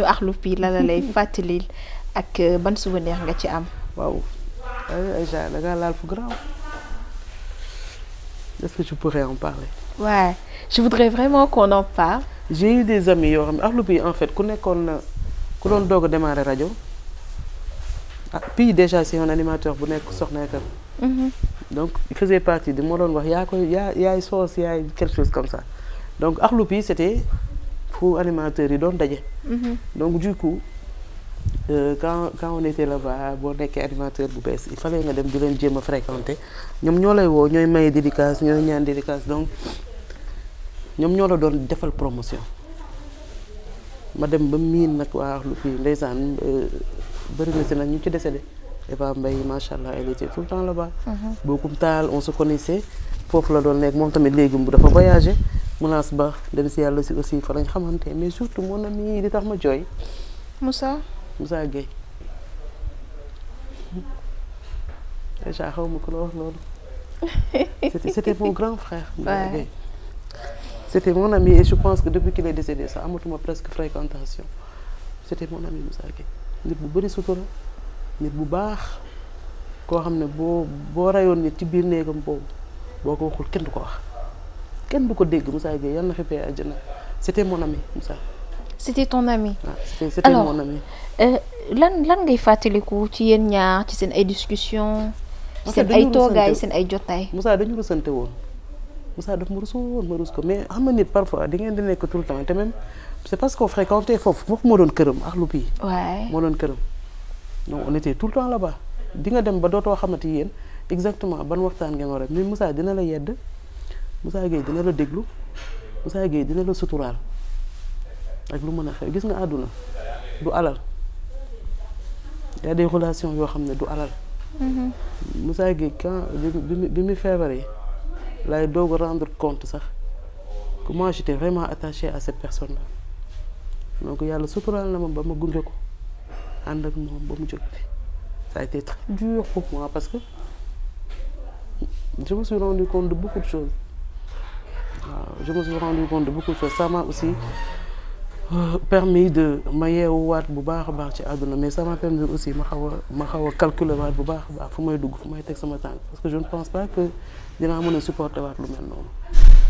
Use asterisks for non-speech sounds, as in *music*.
ñu axlu fii la la lay fàttalil ak euh, ban souvenir nga ci am. waaw Aïcha da ngaa laal fu grand est-ce que tu en parler. waaw ouais. voudrais vraiment qu'on en parle. j'ai eu des amis yoo xam ne axlu bii en fait ku nekkoon na ku doon doog a démarrer rajo ah puis déjà c'est un animateur bu nekk soxna ak mm-hmm. donc il faisait partie de moo doon wax yaa koy yaa yaay soos yaay quelque chose comme ça donc axlu bii c'était fu animateurs yi doon daje. Mhm. donc du coup euh, quand quand on était boo nekkee animateur bu bees il fallait nga dem di leen jéem a fréquenter ñoom ñoo lay woo ñooy maye dédicace ñooy ñaan dédicace donc ñoom ñoo la doon defal promotion ma dem ba miin nag waa lu fii ndeysaan euh, bëri na si nag ñu ci décédé Eva mbay macha allah elle était tout le temps là-bas. Mhm. Bokum Taal on se connaissait foofu la doon nekk moom tamit léegi mu dafa voyagé. menace ba dem si yàlla si aussi fa lañ xamante mais surtout mon ami di tax ma jooy. Moussa. Moussa Gueye. déjà xaw ma ko la wax loolu. *laughs* c'était mon grand frère. Moussa Gueye c'était mon je pense que depuis qu'il est décédé sa amatuma presque fréquentation c'était mon ami Moussa Gueye nit bu bari sutura nit bu baax koo xam ne boo boo rayoon nit ci biir néegam boobu boo ko waxul kenn du ko wax. kenn du ko dégg Moussa Gueye yàlla na xippee àjjana c'était mon ami Moussa. c'était ton ami. waaw ah, mon ami. Euh, lan lan ngay fàttaliku ci yéen ñaar ci seen ay discussion ci seen ay toogaay seen ay jotaay. Moussa dañu rusante woon Moussa daf ma rusoo ma rus ko mais xam nga nit parfois di ngeen di nekk tout le temps te même c'est foofu foofu moo doon këram ak lu bii. waay moo doon këram. donc on était tout le temps là-bas di nga dem ba dootoo xamati yéen exactement ban waxtaan ngeen war a mais Moussa dina la yedd. Moussa Gueye dina la déglu Moussa Gueye dina la suturaal ak lu mën a xew gis nga àdduna du alal y de des relations yoo xam ne du alal. Mm-hmm. Moussa Gueye quand bi mu bi mu feebaree lay doog a rendre compte sax que moi j'étais vraiment attaché à cette personne là donc yàlla suturaal na ma ba ma gunge ko ànd ak moom ba mu jóg fi a été très dur pour moi parce que je me suis rendu compte de beaucoup de Euh, je me suis rendu compte de beaucoup de choses aussi euh, permis de ma yeewuwaat bu baax a baax ci àdduna mais ça m'a permis aussi ma xaw a ma xaw a calculer waat bu baax baax fu may dugg fu may teg sama tànk parce que je ne pense pas que dinaa mën a supporter waat lu mel noonu